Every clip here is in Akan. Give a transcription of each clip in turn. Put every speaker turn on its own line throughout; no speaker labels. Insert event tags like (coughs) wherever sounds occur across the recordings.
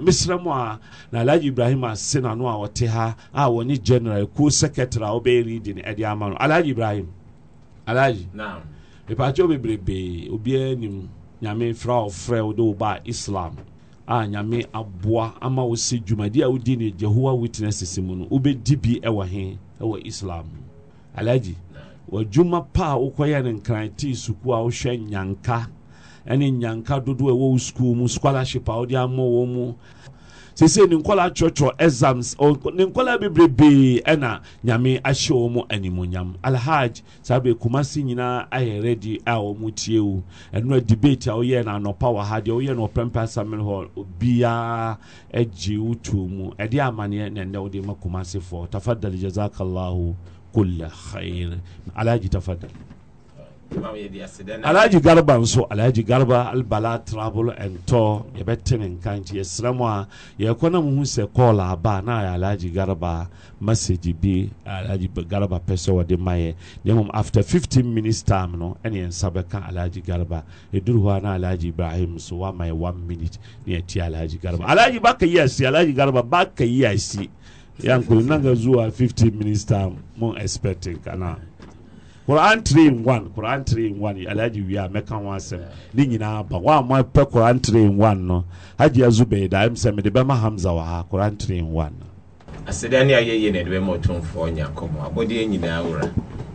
mesrɛ mu a na alhaji ibrahim ase n'ano a ɔte ha a wɔne general ku secretary a ɔbɛyɛ redi ɛde ama no alhaji ibrahim alhaji mepatwɛ bebrebee obiaa nim nyame fra frɛ wo de wo baa islam a nyame aboa ama wo sɛ dwumadeɛ a wodi ne jehowa witnesses mu no wobɛdi bi ɛwɔ he ɛwɔ islam alhaji wadwuma pa a wokɔyɛ ne nkran tee suku a wohwɛ nyanka ɛne nyanka dodoɔ ɛwɔ sukuu mu scholarship a wɔde ama wɔn mu sese ne nkɔla kyerɛkyerɛ exams ne nkɔla bebrebee ɛna nyame ahyɛ wɔn mu animonyam alhaj sabe kumasi nyinaa ayɛ ready a wɔn tie o ɛnura debate a wɔyɛ na anɔpa wɔ ha deɛ wɔyɛ na ɔpɛmpɛ asamil hɔ obiara agye wotuo mu ɛde amaneɛ na ɛnɛ wɔde ma kumasi fɔ tafadali jazakallahu kulla khair alhaji tafadali.
alhaji garba
nso alhaji garba albala travel and tour yɛbɛte ne nka nti yɛsrɛ mu a yɛkɔ na muhu sɛ call aba na ayɛ alhaji garba message bi alhaji garba pɛ sɛ wɔde ma yɛ na mmom after 15 minutes time no ɛne yɛnsa bɛka alhaji garba ɛduru hɔ a na alhaji ibrahim so wama yɛ 1 minute ne yɛti alhaji garba alhaji baka yi asi alhaji garba baka yi asi n'an nanga zuwa 15 minutes time mo expecting kana Koran 3 in 1 Quran 3 in 1 Alhaji wi a mɛka ho asɛm ne nyinaa ba wa mo pɛ Quran 3 in 1 no Haji Azubaida am sɛ mede bɛma Hamza wɔ ha Quran 3 in 1
aseda ne ayɛ yie na ɛde bɛma ɔtomfoɔ nyankopɔn abɔdeɛ nyinaa wura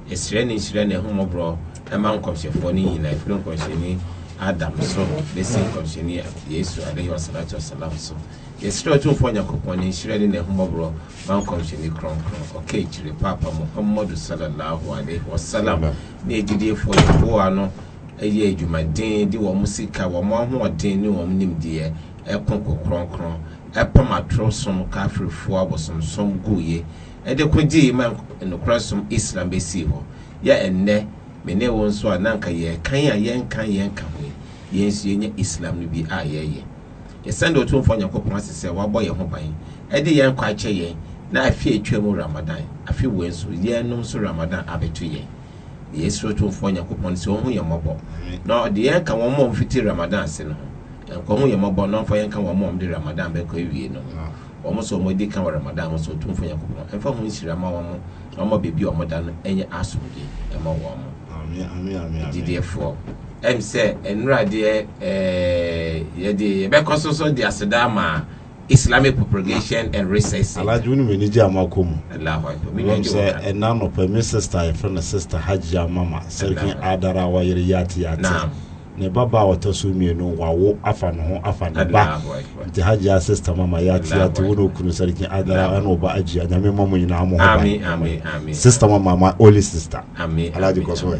ɛsrɛ ne nhyirɛ ne ɛhomɔborɔ ɛma nkɔmhyɛfoɔ no nyinaa ɛfiri nkɔmhyɛni adam so bɛsi nkɔmhyɛni yesu alayhi wasalatu wasalam so yɛsrɛ ɔtumfoɔ nyankopɔn ne nhyira ne nahummɔborɔ ma nkɔmhyɛne kronkron ɔka kyire paapa muhammadu salallahu alaihi wasalam ne agyidiefoɔ yɛboa no ɛyɛ adwumaden de wɔn sika wɔn ahoɔden ne wɔn nimdeɛ ɛkonko kronkron ɛpam atoro som kafirifoɔ abosomsom guiɛ ɛde kɔgyee ma nokorɛ som islam bɛsii hɔ yɛ ɛnnɛ me ne wo nso a na nka yɛkan a yɛnka yɛnka ho yi yɛn nso islam no bi a yɛyɛ yɛsɛn de otumfoɔ nyankopɔn ase sɛ wabɔ yɛn ho ban ɛde yɛn kɔ akyɛ yɛn na afi atwa mu ramadan afi wɔ nso yɛnom nso ramadan abɛto yɛn yɛsuro otumfoɔ nyankopɔn sɛ ɔho yɛn mmɔbɔ na ɔde yɛn ka wɔn mɔm fiti ramadan ase no nkɔ ho yɛn mmɔbɔ na ɔmfa yɛn ka wɔn mɔm de ramadan bɛkɔ ewie no ah. wɔn nso wɔn adi ka wɔ ramadan wɔn nso otumfoɔ nyankopɔn ɛmfa ho nhyira ma wɔn wɔn baabi a wɔn da no ɛnyɛ asomdwe ɛma wɔn mo gyidiɛfoɔ ɛm sɛ nnura deɛ ɛɛ yɛde yɛbɛkɔ so so de aseda ama islamic propagation and research. alhaji wúni mi ni jẹ́ àmọ́ kó mu. alahu akbar mi ni jẹ́ òkúta. ẹnna nọpẹ mi sista yẹ fẹ́ na sista hajj amama sẹ́kìn adara wa yati yàtì yàtì. ne ba ba wata so mmienu wawo afa ne ho afa ne ba nti hagye a sista mama yati ate wo ne okunu sarki adara ɛne ɔba agyia nyame ma mu nyinaa mo ho ba sista mama ma only sister alagye kɔ so ɛ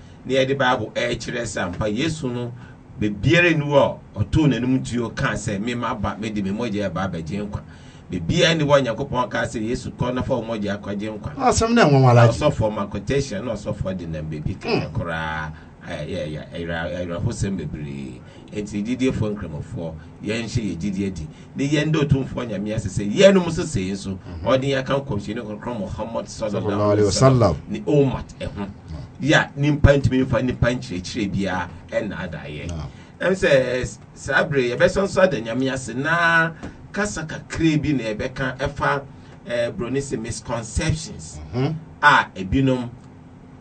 na yɛde bible ɛrekyerɛ sɛ ampa yesu no bebiara ni hɔ a ɔtoo n'anim tuo kaa sɛ mema ba mede me mmɔgya ɛba abɛgye nkwa bebiara ni hɔ a nyankopɔn kaa sɛ yesu kɔ na fa wo mmɔgya akɔgye nkwa asɛm na ɛnwɔwala ɔsɔfoɔ ma quotation na ɔsɔfoɔ de nam baabi kaka hmm. koraa ayerɛhosɛm bebree nti gyidiefoɔ nkramofoɔ yɛnhyɛ yɛ gyidie adi ne yɛn dɛ ɔtumfoɔ nyame ase sɛ yɛnom so sei nso mhm. ɔde yɛaka nkɔmhyɛni kronkron mohamad sallallahu ne omat ɛho yɛ nipa ntumi nfa nipa nkyerɛkyerɛ biara ɛna adayɛ ah. ɛm sɛ saa bere yɛbɛsɛn so ada nyame ase na kasa kakra bi na yɛbɛka ɛfa ɛɛ broni sɛ misconceptions mhm. a ebinom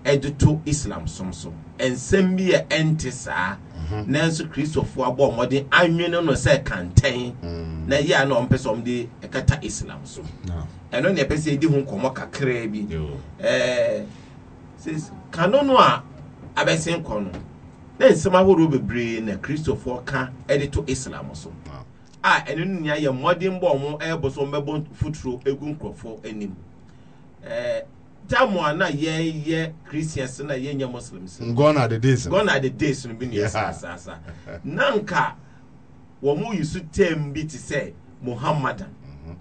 ɛde to islam som so nsɛm bi yɛ ɛnte saa mhm. nanso kristofoɔ abɔ ɔmɔden anwene no sɛ kantɛn mm. na yɛ a na ɔmpɛ sɛ ɔmde ɛkata islam so ah. ɛno na yɛpɛ sɛ yɛdi ho nkɔmmɔ kakra bi ɛɛ. kano no a abɛsen kɔ no na nsɛm ahodoɔ bebree na kristofoɔ ka de to islam so a ɛno no nyinaa yɛ mmɔden bɔ ɔmo ɛbɔ so ɔmbɛbɔ foturo egu nkurɔfoɔ anim ɛɛ tamu a na yɛyɛ christians na yɛnyɛ muslims. gone are the days. gone are the days no bi na yɛ saasaasa na wɔn mu yi so term bi te sɛ muhammadan mhm.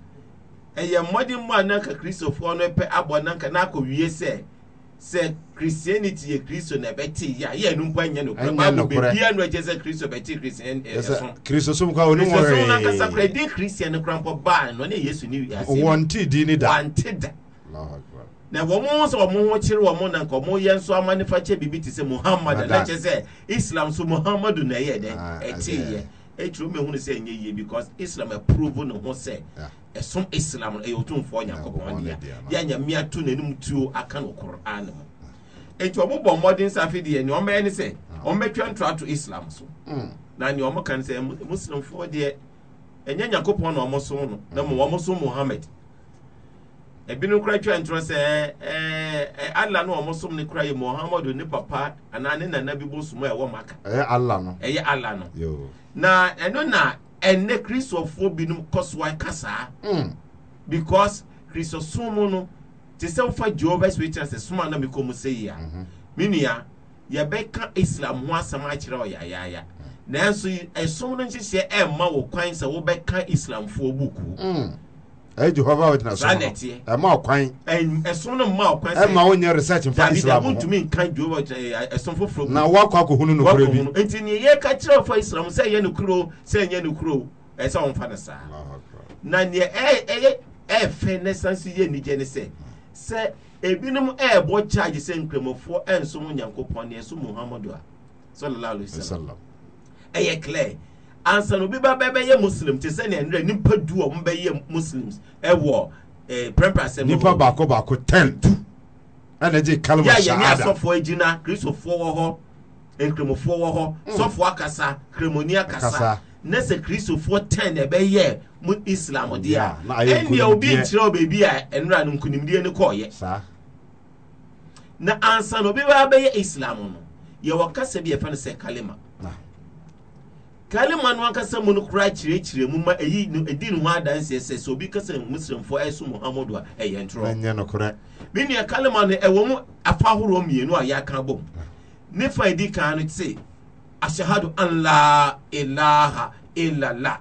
ɛyɛ mmɔden bɔ a na kristofoɔ no pɛ abɔ na nka na akɔ wie sɛ. sɛ christianity yɛ kristo na ɛbɛte yɛ a yɛ no mpo anyɛ nokorɛ bible bebia no agye sɛ kristo bɛte christian eh, ɛso kristo som ka ɔne wɔre no ankasa kora ɛde christian no kora mpɔ baa no ɔne yesu ne wiase wɔnte di ni da wɔnte da na wɔn ho sɛ wɔn ho kyerɛ wɔn na nka wɔn yɛ nso ama nifa kyɛ biribi te sɛ muhammad na kyɛ sɛ islam so muhammad na ɛyɛ dɛ ah, ɛte yɛ ɛturo mi hu no sɛ ɛnyɛ yie because islam approve no ho sɛ ɛsom islam no ɛyɛ eh, otumfoɔ nyankopɔn dea yɛ nyame ato n'anim tuo aka no koran mu enti ɔmo bɔ mmɔden sɛ afei deɛ nea ɔmɛyɛ ne sɛ ɔmɛtwa nto ato islam so mm. na nea ɔmo ka no sɛ muslimfoɔ deɛ ɛnyɛ nyankopɔn na ɔmo som no na mmom ɔmo som muhammad ebinom kura twa ntorɔ sɛ ɛɛ eh, eh, ala no ɔmo som ne kura yɛ muhammad ne papa anaa ne nana bi bo som a ɛwɔ maka ɛyɛ ala no ɛyɛ ala no na ɛno na ɛnɛ kristofoɔ binom kɔsoa saa, hmm. because kristosom mu no te sɛ wofa jehovah's witness soma na mekɔ mu sɛ yia mhm. me nua yɛbɛka islam ho asɛm akyerɛ ɔ yayaya hmm. nanso ɛsom no nhyehyɛ ɛmma wɔ kwan sɛ wobɛka islamfoɔ buku hmm ɛyɛ jehova witness no ɛma ɔkwan ɛsom no ma ɔkwan sɛ ɛma wonyɛ research mfa islam ho ntumi nka jehova ɛsom foforɔ na wakɔ akɔhunu no kuro bi nti ne yɛ ka kyerɛ ɔfa islam sɛ ɛyɛ no kuro sɛ no kuro ɛsɛ wɔmfa no saa na neɛ ɛyɛ ɛfɛ ne san so yɛ anigye ne sɛ sɛ ebinom ɛɛbɔ charge sɛ nkramofoɔ ɛnsom nyankopɔn ne ɛso muhammadu a sallallahu alaihi wasallam ɛyɛ clear ansa obi ba bɛyɛ muslim te sɛ nea nira nipa du a wɔn bɛyɛ muslims ɛwɔ eh, ɛɛ pɛmpɛasɛm. nipa baako baako ten tu ɛna gye kalima saada. yɛ a yɛ ne asɔfoɔ gyina kristofoɔ wɔ hɔ eh, nkramofoɔ wɔ hɔ mm. sɔfoɔ akasa kramoni akasa na sɛ kristofoɔ ten na ɛbɛyɛ mu islam deɛ ɛnna obi nkyerɛ beebi a ɛnura no nkunimdie no kɔɔyɛ na ansa obi ba bɛyɛ islam no yɛ wɔ kasa bi yɛfɛ no sɛ kalima kalima no ankasa mu no koraa kyerɛkyerɛ mu ma ɛyi no ɛdi ne ho adanseɛ sɛ sɛ obi kasa muslimfoɔ ɛso muhammadu a ɛyɛ ntorɔ ɛnyɛ nokorɛ me nua kalima no ɛwɔ mu afa ahoroɔ mmienu a yɛaka bom ne fa ɛdi kan no te ahyahado an la ilaha illallah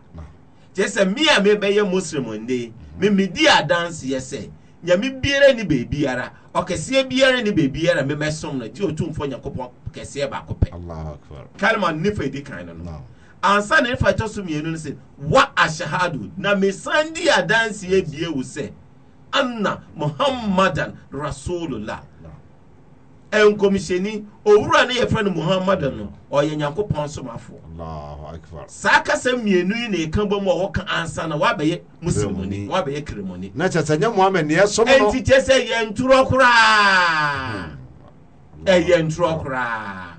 kyerɛ sɛ me a mebɛyɛ muslim nde me medi adanseɛ sɛ nyame biara ni baabiara ɔkɛseɛ biara ne baabiara memɛsom no gye ɔtumfoɔ nyankopɔn kɛseɛ baako pɛ kalima ne fa ɛdi kan no no ansa na ɛfa ɛtɔ so mmienu no sɛ wa ashahadu na mesan di adansi ebie wo sɛ anna muhammadan rasulullah nkɔmhyɛni owura no yɛfrɛ no muhammadan no ɔyɛ nyankopɔn somafoɔ saa kasa mmienu yi na ɛka bɔ mu a wɔka ansa na wabɛyɛ muslimoni wabɛyɛ kremoni na kyɛ sɛ nyɛ muhammed neɛ som no ɛnti kyɛ sɛ yɛ ntorɔ koraa hmm. ɛyɛ ntorɔ koraa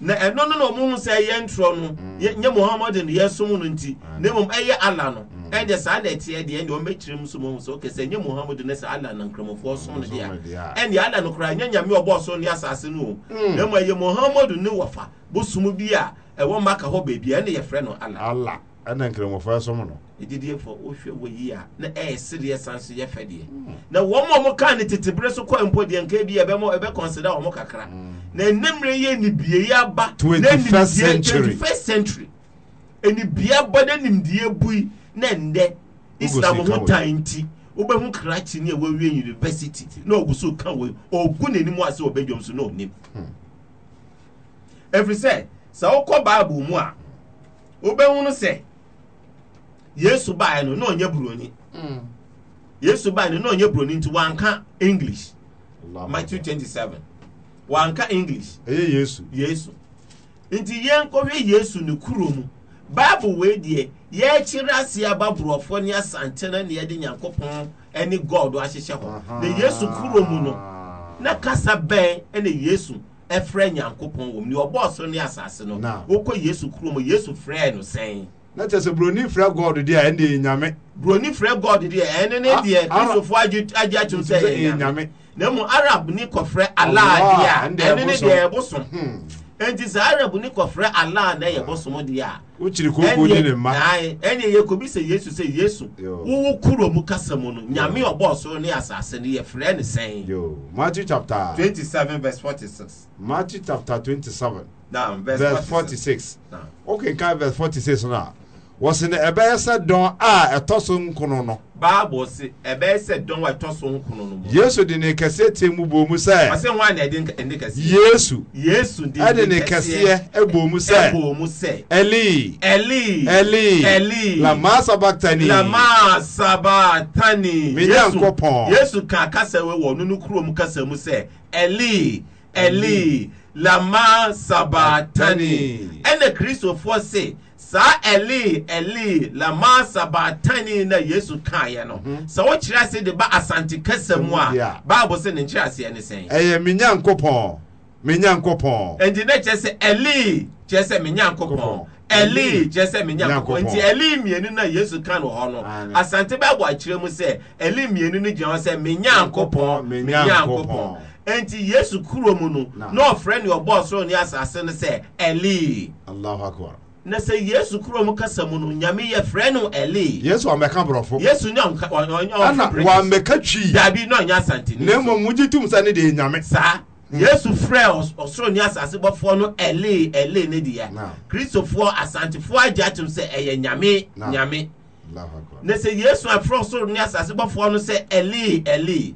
na ɛno no na ɔmo ho sɛ ɛyɛ ntorɔ no nyɛ muhammadin yɛsom no nti na mmom ɛyɛ ala no ɛnyɛ saa na ɛteɛ deɛ ɛnyɛ ɔmɛkyerɛ mu so mo sɛ ɔkɛ sɛ nyɛ muhammadin ne sɛ ala na nkramofoɔ som no deɛ ɛnyɛ ala no koraa nyɛ nyame ɔbɔ so ne asase no o hmm. na mmom ɛyɛ muhammadin ne wɔfa bosom bi a ɛwɔ maka hɔ baabi ɛne yɛfrɛ no ala ɛna nkramofoɔ asom no ɛdidiefoɔ wohwɛ wɔ yi a na ɛyɛ sedeɛ san so yɛ fɛ deɛ hmm. na wɔn a wɔka ne tetebere so kɔ mpo deɛ nka bi ɛbɛmɔ ɛbɛkɔnsida wɔn kakra hmm. na ɛnɛmmerɛ yɛ nibie yi aba twenty first century ɛnibie aba na nimdeɛ bui na ndɛ islam ho tan ti wobɛhu krakye ne a university na ɔgu so ka wei ɔgu n'anim ase ɔbɛdwam so na ɔnim hmm. ɛfiri sɛ sɛ wokɔ bible mu a wobɛhu no sɛ yesu baeɛ no na ɔnyɛ buroni mm. yesu baeɛ no na ɔnyɛ buroni nti wanka english matthew twenty seven wanka english ɛyɛ yesu yesu nti yɛn kɔhwɛ yesu ne kuro mu bible wei deɛ yɛakyerɛ ase aba borɔfoɔ ne asantena ne yɛde nyankopɔn ne god ahyehyɛ hɔ na yesu kuro no na kasa bɛn na yesu ɛfrɛ nyankopɔn wɔ mu ne ɔbɔɔ soro ne asase no wokɔ yesu kuro yesu frɛɛ no sɛn na kyerɛ sɛ buroni frɛ god deɛ ɛne deɛ nyame buroni frɛ god deɛ ɛne ne deɛ ah, ah. kristofo agye atom sɛ ɛyɛ na mu arab ni kɔfrɛ allah deɛ ɛne ne deɛ ɛbosom hmm. nti sɛ arab ni kɔfrɛ allah na ɛyɛ bosom deɛ di ne mma ɛne yɛ kobi sɛ yesu sɛ yesu wowo kuro mu kasa mu no nyame ɔbɔ ɔsoro ne asase no yɛfrɛ ne sɛn matthew chapter twenty seven verse forty six matthew chapter twenty seven verse, verse 46. 46. Nah. Okay, verse 46 now wɔsi no ɛbɛyɛ sɛ dɔn a ɛtɔ so nkono no. baabu si ɛbɛyɛ sɛ dɔn a ɛtɔ so nkono no. yesu de ne kɛseɛ tie mu bɔ mu sɛ. ɔsɛ wọn na ɛde ne kɛseɛ. yesu. yesu de ne kɛseɛ ɛbɔ mu sɛ. ɛbɔ mu sɛ. ɛli. ɛli. ɛli. ɛli. lama sabatani. lama sabatani. minya nkɔ pɔn. yesu kan kasa wɔ nunu kuro mu kasa mu sɛ ɛli. ɛli. lama sabatani. ɛna kristofoɔ se saa eli eli lama sabatani na yesu kaayɛ no mhm. sɛ wokyerɛ ase de ba asante kasa mu a bible se ne nkyerɛ aseɛ ne sɛn ɛyɛ me nyankopɔn me nyankopɔn enti na kyerɛ sɛ eli kyerɛ sɛ me nyankopɔn eli kyerɛ sɛ me nyankopɔn nti eli mmienu na yesu ka no hɔ no asante bible akyerɛ mu sɛ eli mmienu no gyina hɔ sɛ me nyankopɔn me nyankopɔn enti yesu kuro mu no na ɔfrɛ ne ɔbɔɔ soro ne asase no sɛ eli allahu akbar na sɛ yesu kurom kasa mu no nyame yɛfrɛ no ɛlee yesu amɛka borɔfo yesu ne ɔna wammɛka twii daabi na ɔnyɛ asantene na mmom wogye tom sɛ ne deɛ nyame saa yesu frɛ ɔsoro ne asase bɔfoɔ no ɛlee ɛlee ne deɛ kristofoɔ asantefoɔ agye atom sɛ ɛyɛ nyame nyame na sɛ yesu afrɛ ɔsoro ne asase bɔfoɔ no sɛ ɛlee ɛlee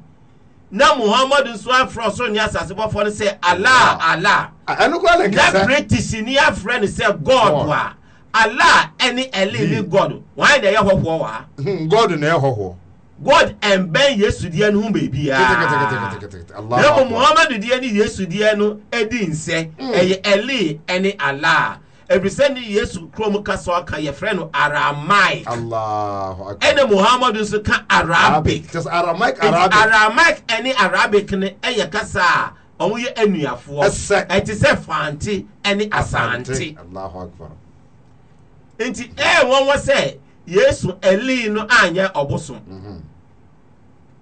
na muhammadu nso So ɔsoro ne asasebɔfoɔ no sɛ ala ala na british ni afrɛ no sɛ god wa ala ɛne ɛlele hmm. god wɔn ayɛ na ɛyɛ hɔhoɔ wa. Hmm, god na ɛyɛ hɔhoɔ. god ɛnbɛn yesu deɛ no ho beebiaa na mo muhammadu deɛ ne yesu deɛ no edi nsɛ hmm. ɛyɛ ɛle ɛne ala efisɛ ne yesu kurom ka sɛ ɔka yɛfrɛ no aramaic ɛne muhammadu nso ka arabic aramaic ɛne arabic no ɛyɛ kasa a ɔmo yɛ anuafoɔ ɛte sɛ fante ɛne asante nti ɛɛ wɔn wɔ sɛ yesu ɛlii no anya ɔbosom mhm.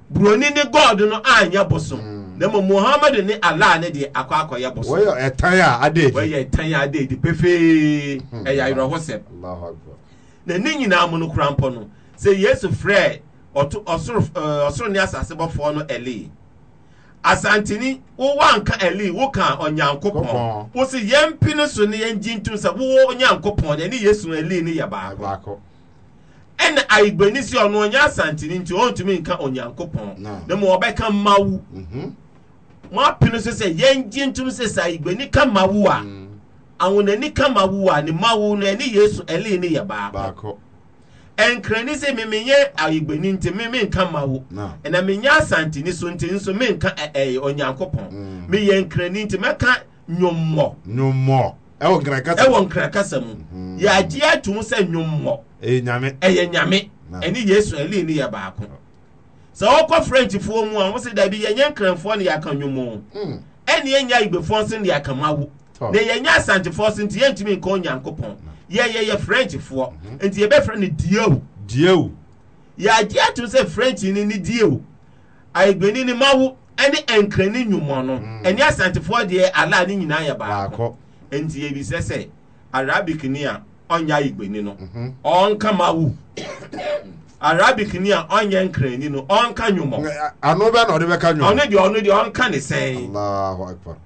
buroni ni god no anya bosom. Mm -hmm. Mm. na mo muhammadu ne allah ne deɛ akɔ akɔyɛ bɔ so wɔyɛ ɛtan a ade edi wɔyɛ ɛtan a ade di pefee hmm. ɛyɛ ayerɛhosɛm na ne nyinaa mu no kura mpɔ no sɛ yesu frɛ ɔto ɔsoro eh, ɔsoro ne asase bɔfoɔ no ɛlee asantini wowɔ anka ɛli woka ɔnyankopɔn wosi yɛn pini so ne yɛn gyi ntum sɛ wowɔ onyankopɔn deɛ ne yesu ɛli ne yɛ baako ɛna ayigbani si ɔno ɔnyɛ asantini nti ɔntumi nka onyankopɔn na mu ɔbɛka mmawu mo apene so sɛ yɛngye ntom sɛ sa igbani ka ma wo a mm. awonani ka ma wo e a ne ma wo no ɛne yesu ɛle ne yɛ baako ɛnkrani sɛ memenyɛ ayigbani nti meme nka ma wo ɛna menyɛ ni so nti nso menka ɛyɛ e, e, onyankopɔn meyɛ mm. nkrani nti mɛka nwommɔ nwommɔ ɛwɔ nkrakasa ɛwɔ nkrakasa mu mm-hmm. yɛagye atom sɛ nwommɔ ɛyɛ nyame ɛyɛ nyame ɛne yesu ɛle ne yɛ baako oh sɛ wɔkɔ frenchfoɔ mu a wɔn sɛ dabi yɛnyɛ nkranfoɔ ne yɛaka nwomo hmm. ɛne yɛnya igbefoɔ nso ne yɛaka mawo na yɛnya asantefoɔ nso nti yɛntumi nkɔ onyankopɔn yɛyɛyɛ hmm. frenchfoɔ hmm. nti yɛbɛfrɛ no dieu dieu yɛagye ato sɛ french ni ne dieu ayigbeni ne mawo ɛne nkrani nwomo no ɛne asantefoɔ deɛ ala ne nyinaa yɛ baako nti yɛbisɛ sɛ arabic ni a ɔnyɛ ayigbeni no mhm. ɔnka mawo (coughs) arabic ni a ɔnyɛ nkranni no ɔnka nwumɔ. ano bɛ na ɔde bɛ ka nwumɔ. ɔno deɛ ɔno deɛ ɔnka ne sɛn. alahu akbar.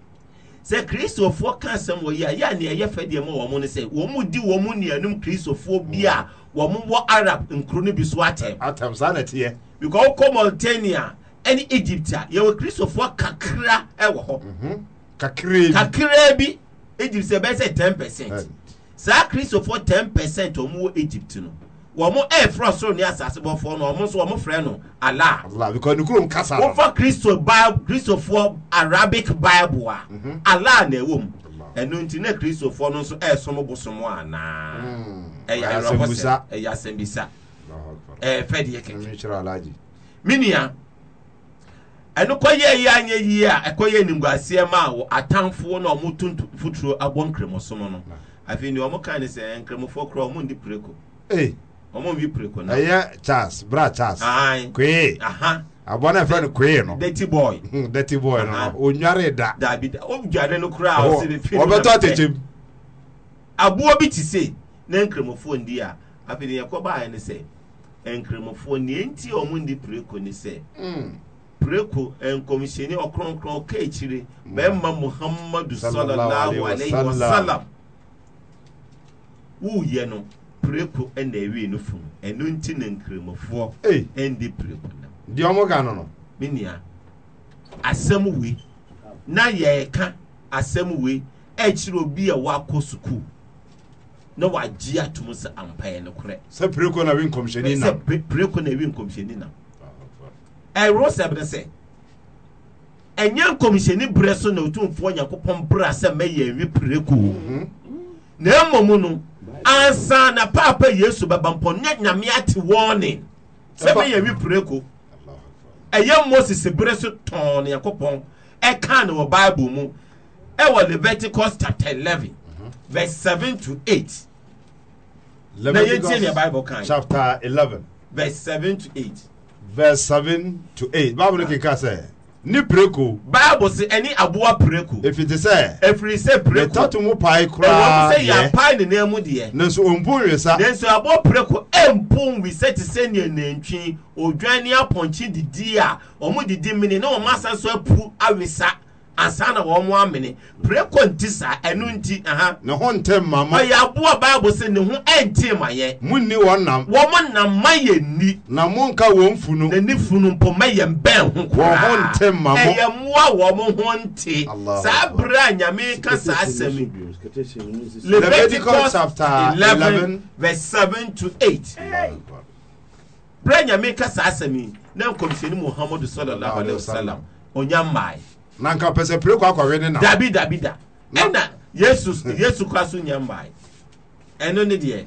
sɛ kristofoɔ ka asɛm wɔ yi a yɛa nea yɛfɛ deɛ ma wɔn no sɛ wɔn mu di wɔn mu nuanum kristofoɔ bi a wɔn wɔ arab nkuro no bi so atɛm. atɛm saa na teɛ. because wokɔ mauritania ɛne egypt a yɛwɔ kristofoɔ kakra ɛwɔ hɔ. Mhm. kakra bi kakra bi egypt sɛ bɛyɛ sɛ ten percent saa kristofoɔ ten percent wɔn wɔ egypt no wɔn ɛɛfrɛ soro ne asase bɔfoɔ no wɔn nso wɔn frɛ no allah. allah because nukuru nkasa no. wofa kristo bible kristofoɔ arabic bible wa. Mhm. allah na ɛwɔ mu ɛnu nti na kristofoɔ no nso ɛɛsom bosom anaa. ɛyɛ ayɔrɔbɔsɛ ɛyɛ asɛmbisa ɛɛ fɛ deɛ kɛkɛ. minia ɛnu kɔyɛ yi anyɛ yi a ɛkɔyɛ nimguaseɛ ma wɔ atamfoɔ na wɔn tuntum futuro abɔ nkremosom no afei ni wɔn kan ne sɛ nkremofo kura wɔn ndi pireko. Hey ọmọ mi pere kọ náà. ẹ yẹ charles bra charles. kwee abọ́ náà fẹ́ ni kwee nọ. dirty boy. Hmm, dirty boy nọ o da. dàbí da o jàre ni kura o sì ni fíìmù. ọbẹ̀ tó tètè mu. bi te se na nkramofoɔ ndi a afei deɛ yɛkɔ baa ne sɛ nkramofoɔ nea nti a wɔn ndi preko ne sɛ hmm. preko nkɔmhyɛni ɔkronkron ɔka akyire hmm. bɛrima muhammadu sallallahu alayhi wa sallam wuyɛ no preko na ewi no funu ɛno nti na nkramofoɔ ɛndi preko na deɛ ɔmo ka no no me nua asɛm wei na yɛreka asɛm wei ɛkyerɛ obi a wakɔ sukuu na wagye atom sɛ ampaeɛ no korɛ sɛ preko na wi nkɔmhyɛni nam sɛ preko na wi nkɔmhyɛni nam ɛworo sɛ bene sɛ ɛnyɛ nkɔmhyɛni berɛ so na otumfoɔ nyankopɔn berɛ a sɛ mɛyɛ awi preko mhm. na mmom no ansa na paapa yesu bɛba mpɔ ne nyame ate wɔɔne sɛ bɛyɛ wi pireko ɛyɛ moses berɛ so tɔn ne nyankopɔn ɛka ne wɔ bible mu ɛwɔ leviticus chapter 11 mhm. verse 7 to 8 na yɛntie nea bible kan chapter 11 verse 7 to 8 verse 7 to 8 bible kenka sɛ Ni preko. baibu si ɛni abuwa preko. efiti sɛ. efiri sɛ preko. mu paa koraa yɛ. ɛwɔ sɛ yɛn ni ne nan mu deɛ. nanso ompun wisa. nanso aboa preko empun wisa ti sɛ ne nantwi odwan ne apɔnkye didi a wɔn didi mini na wɔn asan so apu awisa ansa na wɔn mo amene preko nti saa ɛnu nti aha. ne ho ntɛ mama. ɔyɛ aboa baabu sɛ ne ho ɛnti ma yɛ. mu ni wɔn nam. wɔn nam ma yɛ ni. na mu nka wɔn funu. na ni funu mpɔ ma yɛ bɛn ho koraa. wɔn ho ntɛ mama. ɛyɛ mua wɔn ho nti. saa abiri a nyame ka saa asɛm yi.
leviticus eleven
verse seven to eight. bere nyame ka saa asɛm yi na nkɔmhyɛni muhammadu sallallahu alaihi wa sallam onyaa mmaa yi na nka pɛ sɛ akɔwe ne nam dabi dabi da ɛna yesu yesu kora so nyɛ mbae ɛno ne deɛ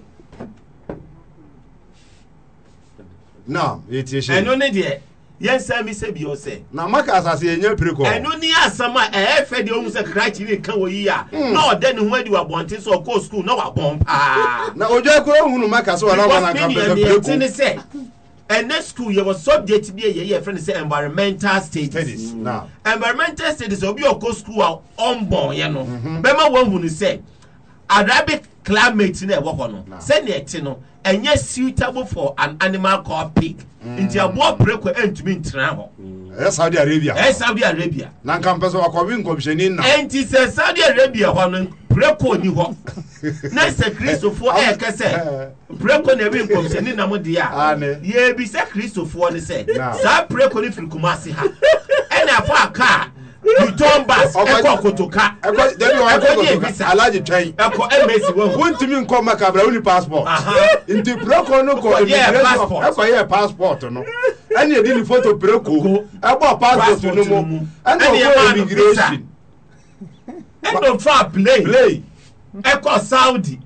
naam yɛtie hyɛ ɛno ne deɛ yɛnsa mi sɛ bi ɔsɛ. na maka asase yɛ nye pere kɔ. ni asam a ɛyɛ eh, fɛ de ohun sɛ krakye ne nkan wɔ yi a. Hmm. na ɔdɛ ne ho adi wa bɔnten so ɔkɔ sukuu na wa bɔn paa. na ojú ɛkura ohun maka so wà láwọn anaka pɛsɛ pere kɔ. because mi ni ɛni ɛti ni sɛ ɛnɛ school yɛ wɔ subject bi yɛ yɛ fɛn sɛ environmental studies mm. environmental studies obi ɔkɔ school a ɔnbɔn yɛ no bɛma wɔn hun sɛ arabic climate na ɛwɔ hɔ no sɛnea ɛte no ɛnyɛ suitable for an animal called pig mm. nti aboɔ pere kɔ ɛntumi ntena hɔ ɛyɛ saudi arabia ɛyɛ saudi arabia na nka mpɛ sɛ wakɔwe na ɛnti sɛ saudi arabia hɔ no preko ni hɔ na sɛ kristofoɔ ɛyɛkɛ sɛ preko na ɛwe nkɔmhyɛni nam deɛ a yɛbisɛ kristofoɔ no sɛ saa preko no firi kumase ha ɛna ɛfɔ a dutɔmbas ɛkɔ kotoka ɛkɔ ɛkɔ kotoka alaji twɛn ɛkɔ ɛmɛsi wɔn. wuntumi nkɔ maka abira wuli passport nti pireko no kɔ immigration ɛkɔ yɛ passport no ɛni edi ni foto pireko ɛbɔ passport no mu ɛni ɔkɔ immigration ɛni ofa plane ɛkɔ saudi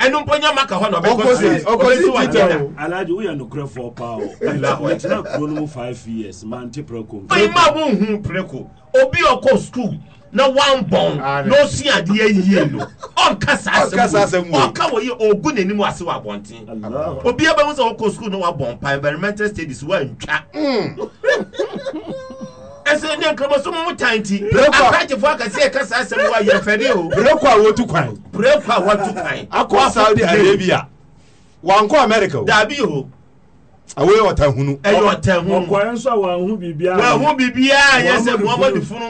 ɛnu mpɔnya maka hɔ na ɔbɛkɔ ɔbɛsi wa jɛda.
alhaji o yɛ nukuri fɔ paa o ɔtina kuro no mu (laughs) five years maa n ti pɛrɛko.
oye maa mo hun pɛrɛko obi ɔkɔ sukuu na wan bɔn n'osi adeɛ yie no ɔnka saa asɛm wo ɔka wɔ yi ogu n'anim ase wɔ abɔnten obi abɛn sɛ ɔkɔ sukuu na wa bɔn pa environmental studies wa ntwa ɛsɛ ne nkramoso mu tan ti akrajifo akasi ɛka saa asɛm wa yɛfɛ de o. pɛrɛko a wotu kwan kurepa watu kan. akɔ saudi arabia wankɔ america o. dabi o. awo ye ɔtɛ hunu. ɛyɛ ɔtɛ hunu. ɔkɔyɛ nso a wɔn ahu biribiya. wɔn ahu biribiya yɛ sɛ funu kuma.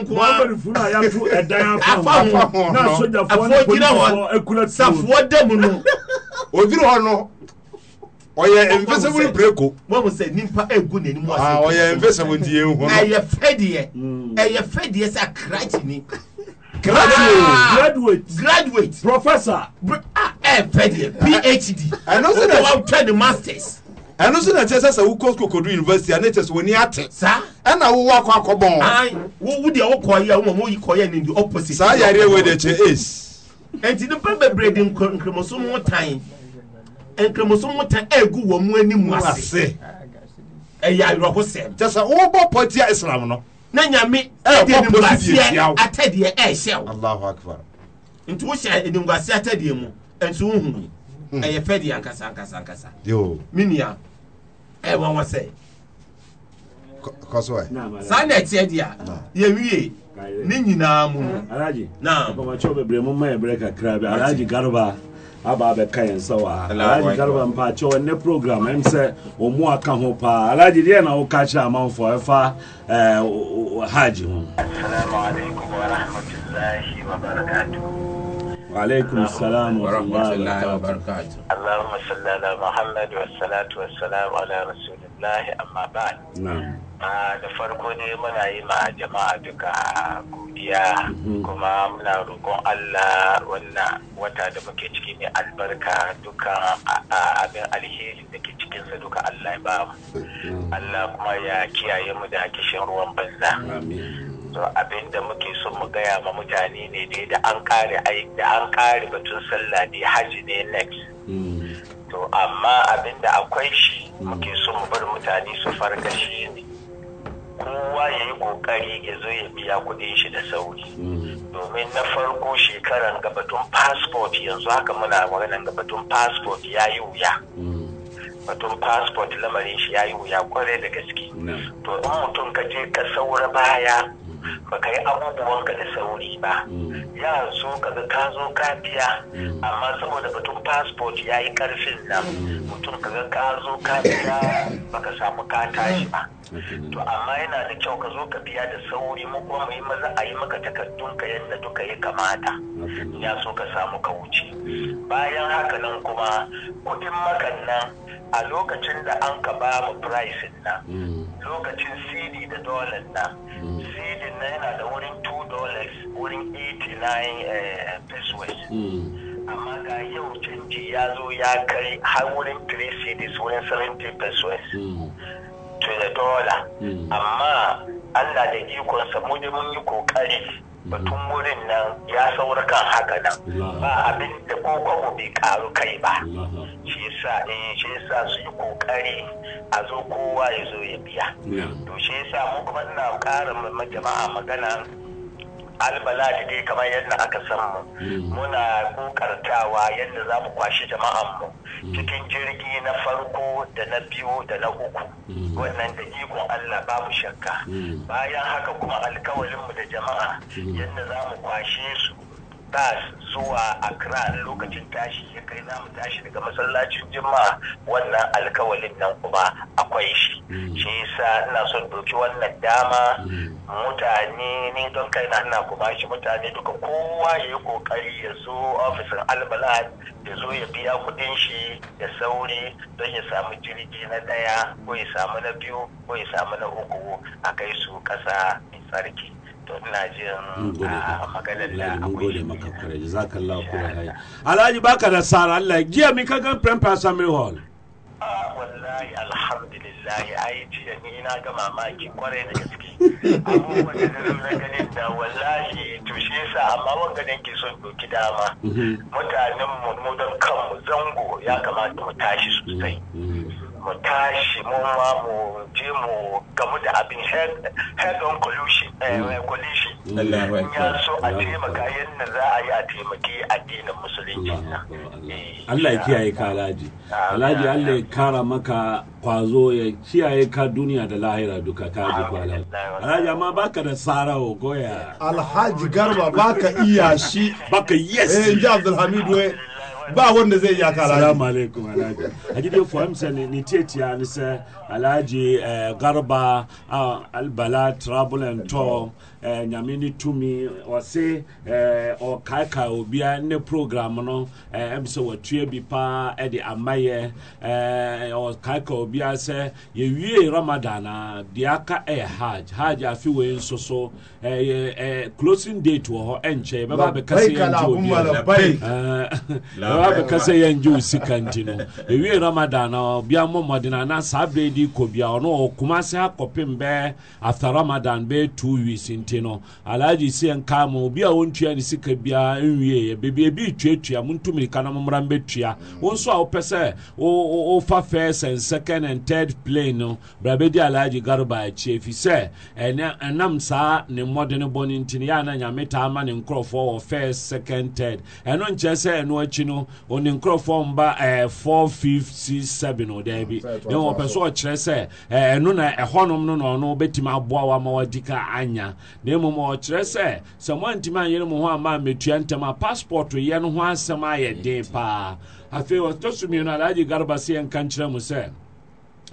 muhammadu funu a yatu ɛdan afa ho. na sojafoɔ ni polisifoɔ ekura tuuru. safoɔ dɛmu o odiri hɔ no ɔyɛ invisible breko. wọ́n mu sɛ nipa egu n'anim wa. Ah, ɔyɛ invisible nti yɛn hu. ɛyɛ fɛ deɛ ɛyɛ hmm. fɛ deɛ sɛ akrakye ni graduate graduate ah, graduate. professor ẹ fẹ́ di phd ẹnu sí náà wọ́n tẹ́ di masters. ẹnu sí náà kyerẹ sẹ sẹ wọ́n kọ́ kokodu university ẹni kyerẹ sẹ wọ́n ní àtẹ. sá ẹna wọ́n wá kọ́ akọ́bọ̀n. wọ́n wú di ẹ̀wọ́ kọ́ yẹ wọ́n wọ́n yí kọ́ yẹ ni the opposite. sáà yàrá ìwé de kyerẹ ace. ẹnti nípa bẹ̀rẹ̀ di nkìrìmọ̀sọ́ mu tán nkìrìmọ̀sọ́ mu tán ẹ̀ẹ́gù wọ́n mu ẹni mu ase ẹ̀yà ìrọ̀kọ́ sẹ́m. kyerẹ sẹ wọ́n bọ̀ pọ̀ tí a islam na nyame ɛde animguaseɛ atadeɛ ɛɛhyɛ wo nti wohyɛ animguaseɛ atadeɛ mu nso wohu hmm. ɛyɛ fɛ deɛ ankasa ankasa ankasa me nua ɛwɔ wɔ sɛ saa na ɛteɛ deɛ a yɛwie ne nyinaa
mu naam aba abɛka yɛn nsa wɔ ha alagye garba mpakyɛ ɔnɛ program ɛm sɛ ɔmu aka ho paa alagye deɛ na woka kyerɛ amanfoɔ ɛfa hage ho وعليكم السلام ورحمة الله
وبركاته اللهم صل على محمد والصلاة والسلام على رسول lahi amma ba
da
farko ne muna yi ma jama'a duka godiya mhm. kuma muna roƙon Allah wannan wata da muke ciki mai albarka duka abin alheri da ke cikinsa duka Allah ya bamu Allah kuma ya kiyaye mu da kishin ruwan banza to abin da muke so mu gaya ma mutane ne dai da an kare da an kare batun sallah ne haji ne next mm. to amma abin da akwai shi muke so mu bar mutane su farga shi ne kowa ya yi kokari ya zo ya biya kuɗin shi da sauri mm. domin na farko shekaran gabatun passport yanzu haka muna maganan gabatun passport ya yi wuya mm. batun passport lamarin shi ya yi wuya kwarai da gaske to in mutum ka je ka saura baya ba ka yi abubuwan ka da sauri ba mm. ya so ka ga ka zo ka biya mm. amma saboda batun passport ya yi karfin nan mm. mutum ka ga ka zo ka biya ba ka samu ka tashi ba to amma yana da kyau ka zo ka biya da sauri mu kuma mu yi maza a yi maka takardun ka yadda duka ya kamata ya so ka samu ka wuce bayan haka nan kuma kuɗin makan nan a lokacin da an ka ba mu pricing nan lokacin cd da dollar na hmm. cd na yana da wurin 2 dollars wurin 89 eh, pesos hmm. amma ga yau canji ya zo ya kai har wurin 3 cds wurin 70 pesos hmm. to da dollar amma allah da ikonsa mu mun yi kokari batun wurin nan ya saura kan haka nan ba abin da ko bai karu kai ba shi yasa eh shi yasa su yi kokari a zo kowa ya zo ya biya to shi yasa mu kuma ina ƙara jama'a magana albaladi dai kamar yadda aka samu hmm. muna kokartawa yadda za mu kwashi jama'an mu hmm. cikin jirgi na farko da na biyu da na uku hmm. wannan da ikon Allah babu shakka bayan haka kuma alkawalinmu da jama'a yadda za mu kwashe su bas zuwa Accra lokacin tashi ya kai za mu tashi daga masallacin Juma'a wannan alkawalin nan kuma akwai shi. Hmm. Shi yasa ina son doki wannan dama hmm. mutane ni don kai na ina kuma shi mutane duka kowa ya yi kokari ya zo ofisin albalad ya zo ya biya kuɗin shi ya sauri don ya samu jirgi na ɗaya ko ya samu na biyu ko ya samu na uku a kai su ƙasa mai tsarki. ina jin
maganar da gode maka kwarai alhaji baka da sara Allah jiya mi ka ga prempa samir hall ah, wallahi
alhamdulillah ai jiya ni na ga mamaki
kwarai da gaske (laughs) abubuwan da na ganin da wallahi to shi amma wanga dan
ke son doki dama mhm. mutanen mu mu don kanmu zango ya kamata mu tashi sosai mhm, mhm. mu tashi mu ma mu je mu gamu da abin head on collision eh, mm. eh, ya so a taimaka yadda za a yi a taimaki addinin musulunci eh, Allah ya
kiyaye ka alhaji alhaji Allah ya kara maka kwazo ya kiyaye ka duniya da lahira duka ka ji kwala alhaji amma baka da sarawo goya alhaji garba baka iya shi baka yes eh ji Abdulhamid wai ba wanda zai yi aka alhaji salamu alaikum alhaji haji dai fahimta ne ni tete ya nisa alhaji eh, garba ah, albala travel and tour eh, nyame ne tumi ɔse ɔkaekae eh, obia ne program no ɛm sɛ watua bi paa ɛde amayɛ ɔkaekae obia sɛ yɛwie ramadan a deɛ aka ɛyɛ haj hajj afe wei nso so closing date wɔ hɔ ɛnkyɛ yɛbɛba bɛka sɛ yɛnti obi wa bɛkasa yɛn gye o sika nti no ewie ramadan na ɔbia mo mɔden na saa bere di kɔ bia ɔno ɔkuma se akɔpem bɛɛ after ramadan bɛɛ two weeks nti no alhaji si yɛn kaa mu obi a wɔntua ne sika biara nwie yɛ beebi ebi tuatua mo ntumi ka na mo mbɛtua wɔn nso a wɔpɛ sɛ wɔfa first and second and third plane no brabe di alhaji garuba akyi efi sɛ ɛnɛ ɛnam saa ne mɔden bɔ ne nti no yɛ ana nyame taa ama ne nkorɔfoɔ wɔ first second third ɛno nkyɛn sɛ ɛno akyi no ɔne nkurɔfoɔ mba ɛɛ eh, four fifty seven o daabi ne wɔpɛ so ɔkyerɛ sɛ ɛɛ ɛno na ɛhɔnom no na ɔno bɛtumi aboa wa ma wɔdi ka anya na mmom ɔkyerɛ sɛ sɛ mo antumi anyere mo ho ama mmetua ntɛm a passport yɛ no ho asɛm ayɛ den paa afei ɔtɔ so mmienu alaagye garba se yɛnka nkyerɛ mu sɛ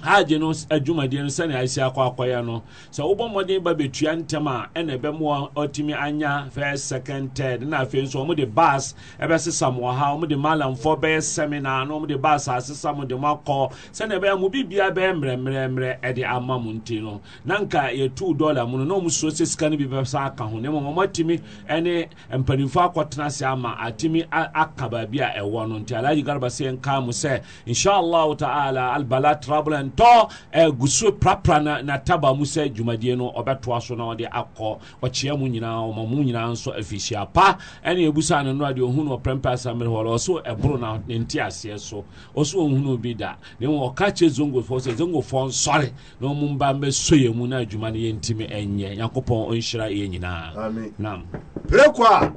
hajj no adwumadeɛ no sɛnea asi akɔ akɔyɛ no sɛ wobɔ mmɔden ba bɛtua ntɛm a ɛna ɛbɛmoa ɔtumi anya first second third na afei nso de bas ɛbɛsesa mo ha de malamfoɔ bɛyɛ seminar no de bas asesa mo de mo akɔ sɛnea ɛbɛyɛ mo biribia bɛyɛ mmerɛmmerɛmmerɛ ɛde ama mo nti no na nka yɛtu dɔla mu no na ɔmo suro sika no bi bɛsa aka ho na mmom ɔmatumi ɛne mpanimfoɔ akɔtena ase ama atumi aka baabi a ɛwɔ no nti alhaji garba sɛ yɛnkaa mu sɛ inshallah taala albala travel dɔ gu prapra na nataba mu sɛ dwumadie no ɔbɛtoa so na ɔde akɔ ɔkyea mu nyinaa ɔma mu nyinaa nso afihyia pa ɛne ɛbusa no no adeɛ ohun no ɔprɛmpɛ asɛmmere hɔ ɔso ɛboro na ne nte aseɛ so ɔso ɔhunu bi da na mmom ɔka kyerɛ zongofoɔ sɛ zongofoɔ nsɔre na ɔmo mba mbɛsɔ yɛn mu na adwuma no yɛntimi ɛnyɛ nyankopɔn ɔnhyira yɛ nyinaa nam
prɛko a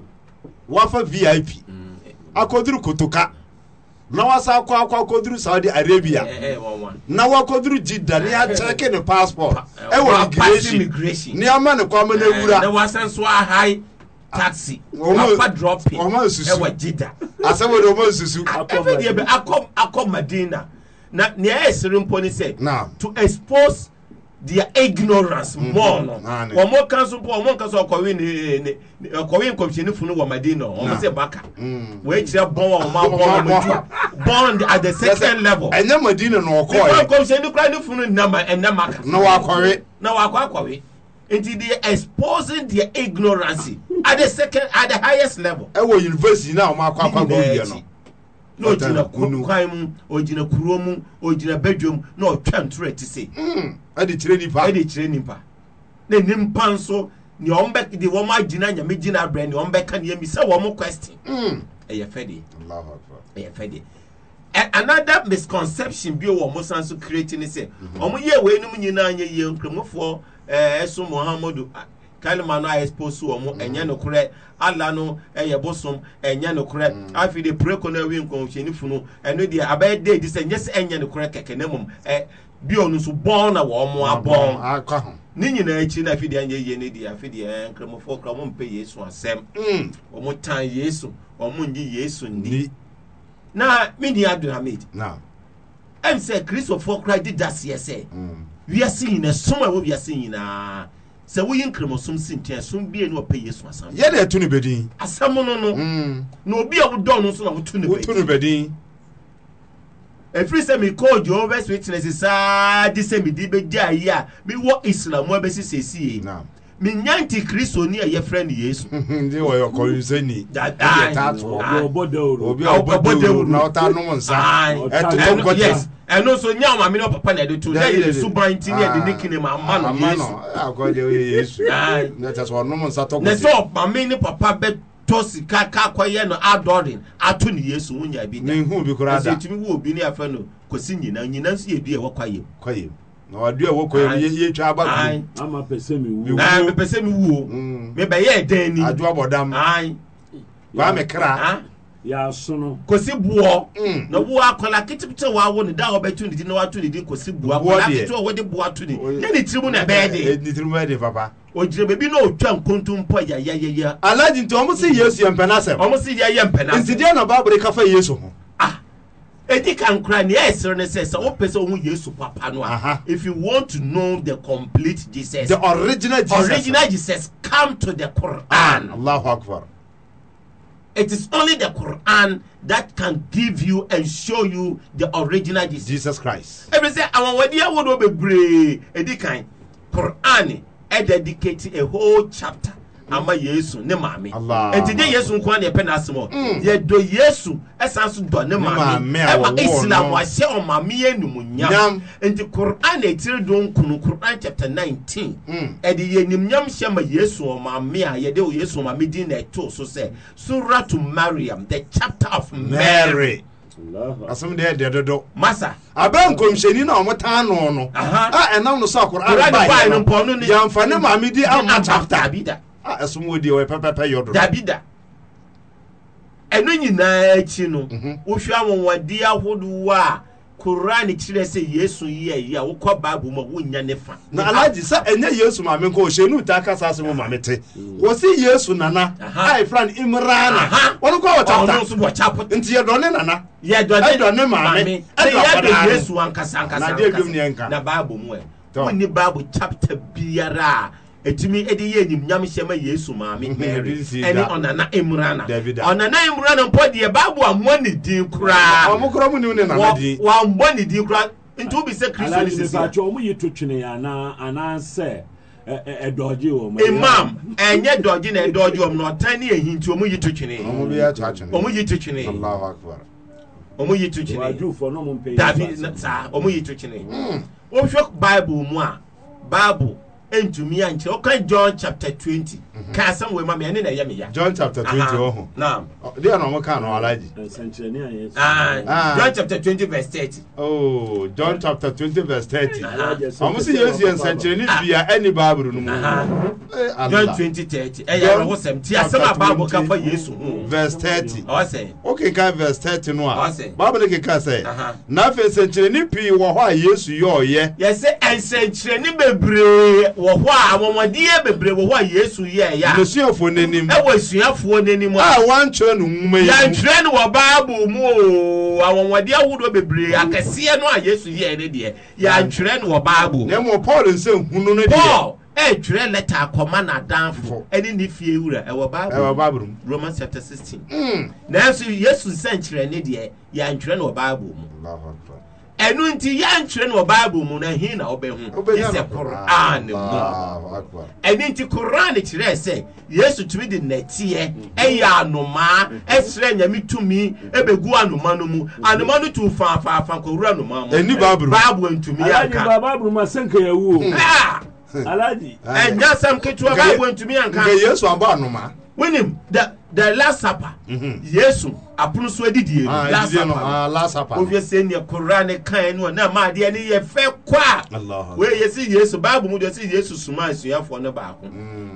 wafa vip mm. akɔduru kotoka na wasa akɔ akɔ akɔduru saudi arabia eh, eh, na wakɔduru jidda ni akyerɛke ne passport ɛwɔ eh, immigration ni ama ne kɔma na ewura. na wasan so ahai taxi papa dropping ɛwɔ jidda. asɛm de ɔmo nsusu. ɛfɛ deɛ bɛ akɔ akɔ madina na ni ɛyɛ sere mpɔ ni to expose their ignorance mm-hmm. more no wɔn mo kan so po wɔn kan so ɔkɔwe ne ne ɔkɔwe nkɔmhyɛnifo no wɔ madina wɔn sɛ baka wɔn akyerɛ bɔn a wɔn abɔ wɔn tu bɔn at the second level ɛnyɛ madina na ɔkɔɔ yɛ nkɔmhyɛnifo kura ne funu nama ɛnɛ maka na wakɔwe na wakɔ akɔwe nti they exposing their ignorance at the second at the highest level ɛwɔ university na wɔn akɔ akɔ abɔ yie no na ogyina kwan mu ogyina kuro mu ogyina bedwam na ɔtwa ntoro se. ɛde hmm, kyerɛ nipa ɛde kyerɛ nipa na nipa nso nea wɔn bɛ de wɔn agyina nyame gyina abirɛ nea wɔn bɛka nea mi sɛ wɔn question. Hmm. ɛyɛ fɛ de ɛyɛ fɛ de another misconception bi wɔ ɔmo san so create ne sɛ mhm. ɔmo yɛ wɔ enum nyinaa nyɛ yie nkramofoɔ ɛɛ ɛso muhammadu kalima no a expose wɔn mo ɛnyɛ nokorɛ ala no ɛyɛ bosom ɛnyɛ nokorɛ mm. afei de preko no awi nkɔmhyɛni funu ɛno deɛ abɛyɛ deedi sɛ nyɛ sɛ ɛnyɛ nokorɛ kɛkɛ ne mom ɛ e, bi ɔno nso bɔn na wɔn mo abɔn ne nyinaa akyi na afei deɛ anyɛ yie ne deɛ afei deɛ eh, nkramofoɔ kora wɔn mpɛ yesu asɛm mm. wɔn tan yesu wɔn nyi yesu ni na mi ni abdulhamid ɛm sɛ kristofoɔ kora deda seɛ sɛ mm. wiase nyinaa som a ɛwɔ wiase nyinaa sɛ woyi nkremosom si nti ɛsom bie ne ɔpɛ yesu asɛm yɛ de ɛto no bɛdin asɛm no no mm. na obi a wodɔ no nso na woto no woto no bɛdin ɛfiri sɛ mekɔɔ jehovah's witness saa de sɛ mede bɛgya yi a mewɔ islam abɛsi sɛsie menya nti kristo ni a yɛfrɛ no yesu nti wɔyɛ ɔkɔnsɛni ɛyɛ taatoɔ obi a ɔbɔ dawuro na ɔta nom nsa ɛtotɔ gɔta ɛno nso nyɛ ɔma mi ɔpapa na ɛde to na yɛ suban ti ne ɛde ni kene ma ama no yesu akɔ de oyɛ yesu na kyɛ sɛ ɔnom nsa tɔ gɔta na sɛ ɔma mi papa bɛ tɔ sika ka akɔyɛ no adɔrin ato ne yesu wunya bi da ɛsɛ tumi wo obi ne bi ɛwɔ kwaye na wadu a wɔkɔ yɛ yɛ twa aba ku ama pɛ sɛ mi wu na mɛ pɛ sɛ mi wu o mɛ mm. bɛ yɛ ɛdɛn ni adu abɔ dam baa
mɛ kra
yasono kosi buɔ mm. na wo akɔla kitikiti wa awo ni da a ɔbɛtu ni di na watu ni di kosi buɔ akɔla kitikiti wa wɔde buɔ atu ni ne ni tirimu na bɛɛ eh, de eh, ne tirimu bɛɛ de papa ojire bebi na otwa nkonto mpɔ yayayaya alaji nti ɔmo si yesu yɛ mpɛnasɛm ɔmo si yɛ yɛ mpɛnasɛm nsidiɛ na baabure kafa yesu ho. edi kan kura ni ɛsere ne sɛ sɛ wɔpɛ sɛ ohun yesu papa no a uh-huh. if you want to know the complete jesus the original jesus original jesus come to the quran ah, allahu akbar it is only the quran that can give you and show you the original jesus jesus christ ebi sɛ awɔwɔdi ahodoɔ bebree edi kan quran ɛdedicate a whole chapter ama yesu ne maame nti nye yesu nko na yɛpɛ n'asɛm mm. hɔ yɛdɔ yesu ɛsan so dɔ ne maame ɛma islam ahyɛ ɔmaame yɛ nimonyam nti koran etiri do nkunu koran chapter nineteen mm. ɛde yɛ nimonyam hyɛ ma yesu ɔmaame a yɛde o yesu ɔmaame din na ɛto so sɛ suratu mariam the chapter of mary. mary asɛm deɛ deɛ dodo masa abɛn nkɔmhyɛni na ɔmo tan no no a ɛnam no sɛ akora abaɛ no yɛmfa ne maame di ama chapter a ɛsom wɔ deɛ wɔyɛ pɛpɛpɛ yɛ ɔdoro dabi da ɛno nyinaa akyi no mhm. wohwɛ awɔnwɔde ahodoɔ a koran kyerɛ sɛ yesu yi ayi a wokɔ bible mu a wonya ne fa na alagye sɛ ɛnyɛ yesu maame nkɔ ɔhyɛ ne ta kasa ase mu maame te mm. wɔse yesu nana a ɛfra no imrana wɔno kɔ wɔ chapta nti yɛdɔne nana yɛdɔne ɛdɔne yesu ankasa ankasa na bible mu ɛ wonni bible chapter biara a ɛtumi de yɛ animnyam hyɛma yesu maame (laughs) mary ɛne ɔnana imrana ɔnana imrana mpɔ deɛ bible ammɔ ne din koraa wambɔ ne din koraa nti wobi sɛ kristo ne sisi ɛdɔgye wɔn. imam ɛnyɛ dɔgye na ɛdɔgye wɔn na ɔtan ne ehi nti wɔn yi tu twene. wɔn yi tu twene. wɔn yi tu twene. wadufo na wɔn mpɛ yi. dabi saa wɔn yi tu twene. Mm. wɔhwɛ bible mu a bible. ntumi ankyerɛ okay, john chapter 20 Mm-hmm. ka asɛm wɔ mu ama ɛne na ɛyɛ me ya. john chapter twenty wɔ ho. naam. deɛ na ɔmo ka no alaji. nsɛnkyerɛni ah, ah. john chapter twenty verse thirty. oh john chapter twenty verse thirty. ɔmo si yɛn si yɛ nsɛnkyerɛni ah. bia ɛni baabulu no mu. Eh, john twenty thirty ɛyɛ ɛwɔ sɛm ti asɛm a baabu ka fɔ yesu ho. verse thirty. ɔsɛ. o verse thirty no a. ɔsɛ. baabulu keka sɛ. n'afɛ nsɛnkyerɛni pii wɔ hɔ a yesu yɛ ɔyɛ. yɛsɛ nsɛnkyerɛni bebree wɔ hɔ a awɔmɔdeɛ bebree wɔ hɔ a yesu yɛ yɛɛyɛ nsuafoɔ n'anim ɛwɔ suafoɔ n'anim a ah, wɔantwerɛ no nwoma yi yɛntwerɛ no wɔ bible mu o awɔnwɔde ahodoɔ bebree akɛseɛ no a yesu yɛɛ ne deɛ yɛantwerɛ no wɔ bible na mmom paul nsɛ hunu no deɛ paul ɛɛtwerɛ lɛta akɔma n'adanfo ɛne ne fie wura ɛwɔ bible ɛwɔ bible mu romans chapter sixteen hmm. nanso yesu nsɛnkyerɛ ne deɛ yɛantwerɛ no wɔ bible mu ɛnu nti yɛantwerɛ no wɔ bible mu na hin na ɔbɛhu ɛsɛ koran mu ɛnu nti koran kyerɛ sɛ yesu tumi de nɛteɛ ɛyɛ anomaa ɛsrɛ nyame tumi ɛbɛgu anoma no mu anoma no tu faafaafa nkɔwura anoma mu ɛni bible bible ntumi yɛ nka ɛni bible ma sɛ nka yɛ wuo alaji ɛnyɛ sɛm ketewa bible ntumi yɛ nka yesu abɔ anoma. winim da the last supper mhm. yesu apono so adidie no last supper ofie sɛ neɛ koraa ne kan no na maadeɛ ne yɛfɛ kɔ a wei yɛsi yesu bible mu deɛ sɛ yesu suma asuafoɔ no baako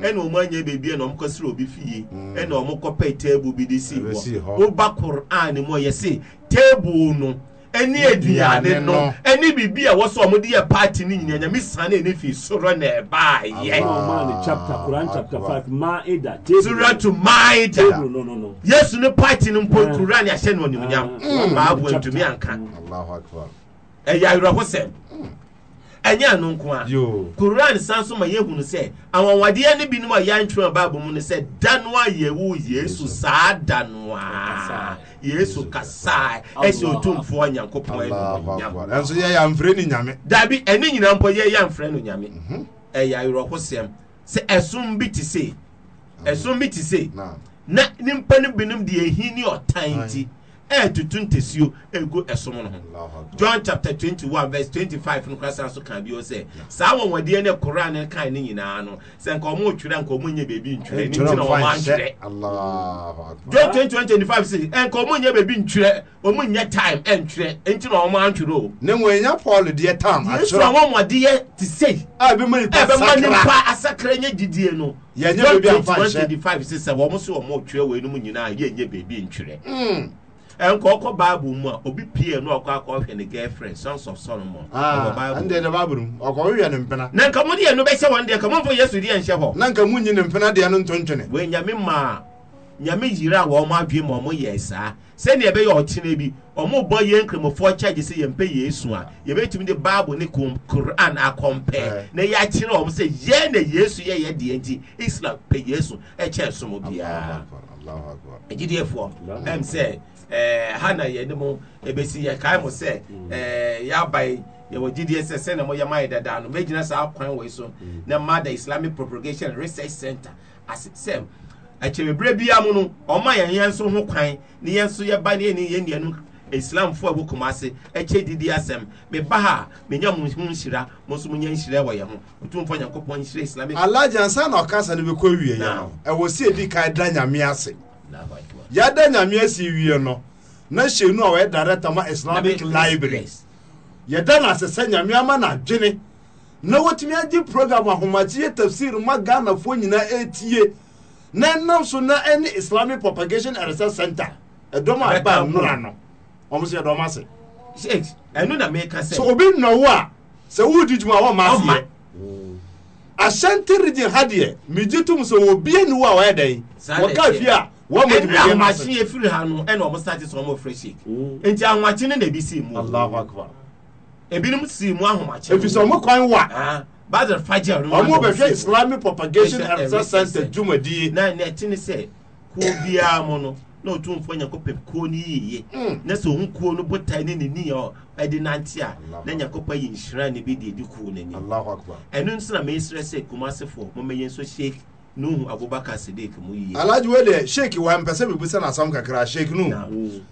ɛna mm. ɔmo anya beebi ɛna ɔmo kɔsrɛ obi fie ɛna mm. ɔmo kɔpɛ table bi de si hɔ woba koraa ne mu ɔyɛ se table no ɛne aduane no ɛne bibi a wɔsɛ ɔmo de yɛ party no nyinaa nyame sane ne firi soro na ɛbaayɛ sura to maida yesu no party no mpo kura ne ahyɛ no animonyam baabo antumi anka ɛyɛ awerɛho sɛm ɛnyɛ ano nko a koran san so ma yɛhunu sɛ anwanwadeɛ no binom a yɛantwerɛ bible mu no sɛ da no a yɛwo yesu saa da no a yesu kasaa ɛsɛ ɔtomfoɔ nyankopɔn nyame Dabi ɛne nyina mpɔ yɛ no nyame mhm. ɛyɛ awerɛhosɛm sɛ ɛsom bi te se ɛsom bi te se na nipa no binom deɛ ɛhi ne ɔtan nti ɛɛtutu ntɛsuo ɛgu ɛsom no ho john chapter twenty one verse twenty five no kora san so kan bi o sɛ saa wɔwɔdeɛ ne koraa ne kan ne nyinaa no sɛ nka ɔmo twerɛ nka ɔmo nyɛ beebi ntwerɛ ne ntina ɔmo antwerɛ john twenty one twenty five sɛ nka ɔmo nyɛ beebi ntwerɛ ɔmo nyɛ time ɛntwerɛ ntina ɔmo antwerɛ o. ne ŋun enya paul deɛ tam atwerɛ yesu awon wɔdeɛ ti se. a bɛ ma nipa sakra a bɛ ma nipa asakra nye didie no. yɛnyɛ beebi anfa nhyɛ john twenty one twenty five sɛ wɔn so wɔn twerɛ wɔ enum nyinaa yɛ nye beebi ntwerɛ. Hmm nkɔkɔ baabu mu a obi pie no ɔkɔ akɔhwɛ ne girlfriend sons of solomon ɔwɔ baabu mu ɛnna baabu mu ɔkɔhwɛ ne mpena. na nka mu deɛ no bɛhyɛ wɔn deɛ ka mu nfɔ yesu deɛ nhyɛ hɔ. na nka mu nyi ne mpena deɛ no ntontoni. wɔ nyame maa nyame yiri a wɔn adwi mu wɔn yɛ saa sɛnea ɛbɛyɛ ɔkyene bi wɔn bɔ yɛn nkramofoɔ kyɛgye sɛ yɛn mpɛ yesu a yɛbɛtumi de baabu ne koran akɔmpɛ na yɛakyene wɔn sɛ yɛn na yesu yɛ yɛ deɛ nti islam pɛ yesu ɛkyɛ som biara. agyidiɛfoɔ ɛm sɛ Eh, ha mm. eh, na yɛne mu ɛbɛsi yɛkae mo sɛ yɛaba yi yɛwɔ gyidiɛ sɛ sɛne mo yɛma yɛ dadaa no mɛgyina saa kwan wei so mm. na ma the islamic propagation research center ase sɛ akyɛmɛberɛ biara mu no ɔma yɛn yɛn nso ho kwan ne yɛn nso yɛba ne yɛne yɛn nuanom islamfoɔ a wɔkɔm ase ɛkyɛ didi asɛm meba ha menya mo ho nhyira mo nso monya nhyira wɔ yɛn ho ɔtumfoɔ nyankopɔn nhyira islamic alagyansa na ɔka sa no bɛkɔ wie yɛ ɛwɔ sɛ ɛdi kan da nyame ase yɛda nyame asi wie no na hyɛnu a wɔyɛ director ma islamic library yɛda no ase sɛ nyame ama no adwene na wɔtumi agye program ahomakyeɛ tafsir ma ghanafoɔ nyinaa ɛtie na ɛnam so na ɛne islamic propagation and research center ɛdɔm a ɛba nnora no ɔmo so yɛdɔm ase ɛno na meka sɛ so obi nnɔwo a sɛ wodi dwuma a wɔma aseɛ ahyɛnte region ha deɛ megye tom sɛ wɔbie ne wo a wɔyɛ dɛn wɔka fie a wɔn mo dìbò yẹn ma si efiri ha no ɛna ɔmo start sɔn ɔmo fresh shake nti ahomakye ne na ebi si mu ebinom si mu ahomakye efisɛ ɔmo kwan wa badr fajr no ɔmo bɛhwɛ islamic propagation and research center dwumadie na na ɛte ne sɛ kuo biara mu no na otumfoɔ nyankopɔn kuo no yiyie na sɛ ohun kuo no botae ne ne ni yɛ ɛde nante a na nyankopɔn yi nhyira ne bi de edi kuo n'ani ɛno nso na mɛ esrɛ sɛ kumasefoɔ mo mɛ yɛn nso hyɛ. nuhu abubakar sidik mu yie alhaji wei deɛ sheik wa mpɛ sɛ mebisa kakra sheik nu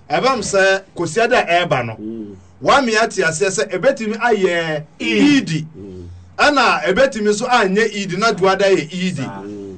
ɛbɛm sɛ kosua da ɛɛba no wamea te aseɛ sɛ ɛbɛtumi ayɛ idi ɛna ɛbɛtumi nso anyɛ idi na duada yɛ idi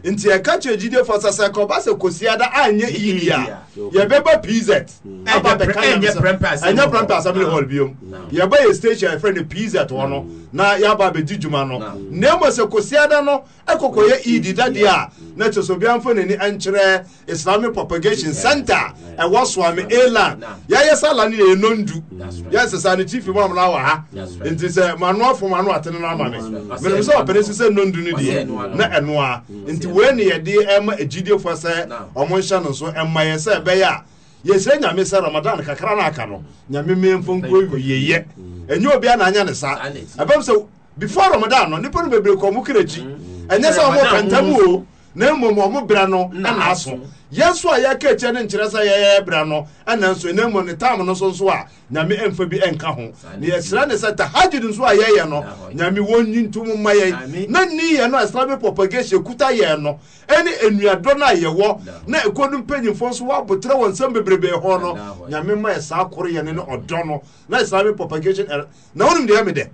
nti ɛka kyerɛ gyidie fɔ sɛ sɛ kɔba sɛ kosua anyɛ idi a yɛbɛba pz ɛnyɛ prɛmpɛ assembly hall biom yɛba hmm. yɛ station ɛfrɛ hmm. no pz hmm. hɔ no na e yɛaba abɛdi dwuma no na mmɔ sɛ kosiada no ɛkɔkɔyɛ ed dadeɛ a na kyɛ sɛ obiamfa n'ani ɛnkyerɛ islamic propagation center ɛwɔ e soame alan yɛayɛ saa la no yɛyɛ nondu yɛsɛ saa no chief mu amno awɔ ha nti sɛ manoafo ma no atene no ama me
menem sɛ
ɔpɛne si sɛ nondu no deɛ na ɛnoa nti wei ne yɛde ɛma agyidiefoɔ sɛ ɔmo nhyɛ no so ɛma e yɛ sɛ ɛbɛyɛ a yɛsrɛ nyame sɛ ramadan kakra no aka no nyame memfo nko yɛyɛ ɛnyɛ obi a anyɛ ne saa ɛbɛm sɛ before ramadan no nnipa no bebree kɔ mo krakyi mm. ɛnyɛ sɛ ɔmo pɛntam o na mmom ɔmo berɛ no ɛna yɛnso a yɛka kyɛ ne nkyerɛ sɛ yɛyɛ bra no ɛna nso ɛna mmom ne tam no so nso a nyame ɛmfa bi ɛnka ho na yɛsrɛ ne sɛ tahagid nso a yɛyɛ no nyame wɔnyi ntom ma yɛn na ni yɛ no a ɛsra bɛ propagation kuta yɛn no ɛne nnuadɔ no a yɛwɔ na ɛkɔdu mpanyimfoɔ nso wɔabotrɛ wɔn nsɛm bebrebee hɔ no nyame ma yɛ saa koro yɛn ne ɔdɔ no na ɛsra bɛ propagation na wonim deɛ me dɛ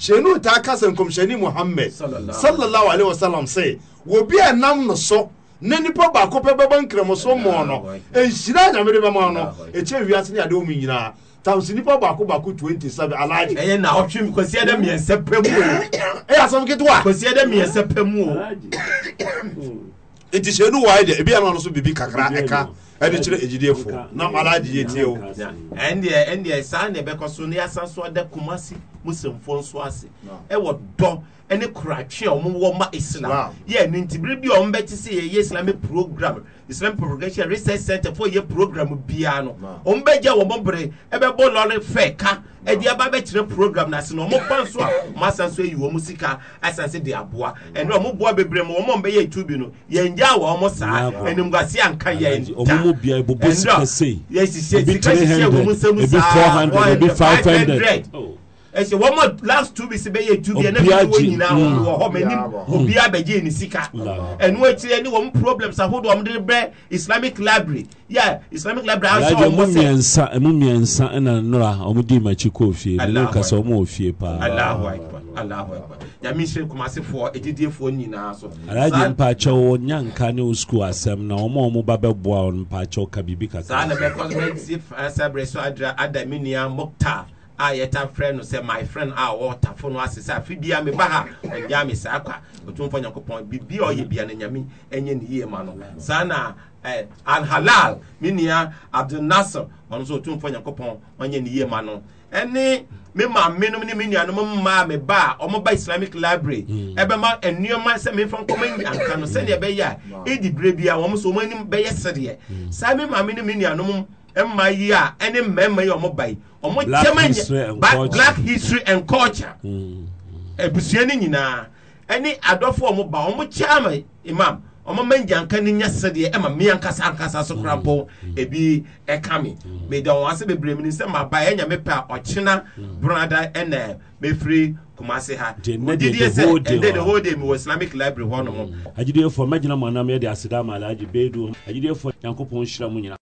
hyɛnu taa ka sɛ nkɔmhyɛni muhammad sallallahu alaihi wasallam sɛ wɔbi a ɛnam no so na nipa baako pɛ bɛbɔ nkramoso mɔɔ no nhyira nyame de bɛma no ɛkyɛ wiase ne adeɛ mu nyinaa tamsi nipa baako baako twenty seven alaji. ɛyɛ na ɔtwe mu kwasi ɛdɛ mmiɛnsa pɛ mu o. (coughs) ɛyɛ asɛm ketewa. kwasi ɛdɛ mmiɛnsa pɛ mu o. nti hyɛn no waa ebi yɛn no bibi kakra ɛka ɛde kyerɛ egidiefo na alaji yɛ tie o. ɛndeɛ ɛndeɛ saa na ɛbɛkɔ so ne yasa so ɔda kumasi musamfo nso ase ɛwɔ dɔ ɛne kuratwe a wɔn wɔ ma islam yɛ ne nti bere bi a wɔn bɛte sɛ yɛyɛ islamic e program islam propagation research center fo yɛ program biara no wɔn bɛgya wɔn bere ɛbɛbɔ lɔre fɛ ka ɛde aba bɛkyerɛ program na ase na wɔn ba nso a wɔn asan so ayi wɔn sika asan so de aboa ɛnna wɔn boa bebree ma wɔn a bɛyɛ etu bi no yɛn gya wɔn saa enimgasi anka yɛn ta ɛnna yɛ sise sika sise wɔn nsɛm saa wɔn yɛ five hundred. Oh ɛsɛ wɔn last two weeks bɛyɛ du bi ɛnɛ bi wɔn nyinaa wɔ hɔ mɛ nim obi abɛgye ne sika ɛnu akyire ɛne wɔn problems ahodoɔ wɔn de bɛ islamic library yɛ islamic library asɔ wɔn sɛ. ɛmu
mmiɛnsa ɛmu mmiɛnsa ɛna nnora wɔn di makyi kɔ ofie ɛnu kasa wɔn wɔ fie paa. alahu
akbar alahu akbar nyame nhyɛ kumasefoɔ edidiefoɔ nyinaa so. alaji
mpakyɛw nyanka ne o school asɛm na wɔn a wɔn ba bɛboa wɔn mpakyɛw ka biribi kakra. saa
na bɛkɔ bɛ si ɛsɛ bere so ada mi nua mokta a yɛta frɛ no sɛ my friend a wɔtafo no ase sɛ afe bia meba ha ɔgyaa me saa kwa ɔtumfo nyankopɔn biribia ɔyɛ bia no nyame ɛnyɛ ne yie ma no saa na alhalal me nua abdulnasir ɔno nso ɔtumfo nyankopɔn ɔnyɛ ne yie ma no ɛne me ma maamenom ne me nuanom mmaa me ba a ɔmoba islamic library hmm. ɛbɛma nneɛma sɛ mefa nkɔma nyanka no sɛdeɛ ɛbɛyɛ a ɛdi hmm. berɛ bia wɔm so ɔmo anim bɛyɛ sereɛ hmm. saa me ma me ne me nuanom mma yi a ɛne mmarima yi a wɔn ba yi wɔn kyɛm ɛnyɛ black history and culture abusua ne nyinaa ɛne adɔfo a wɔn ba wɔn kyɛ imam wɔn mma nyanka ne nya sɛdeɛ ɛma mmea nkasa nkasa so kora mpo ebi ɛka mi meda wɔn ase bebree mi nsɛm aba yɛ nyame pɛ a ɔkyena brada ɛna mefiri kumase ha odidi ɛsɛ ɛde the whole day mi wɔ islamic library hɔ nom. Mm.
agyidiefo mɛgyina mu anam yɛ de aseda ama alhaji beedu agyidiefo nyankopɔn nhyira mu nyinaa.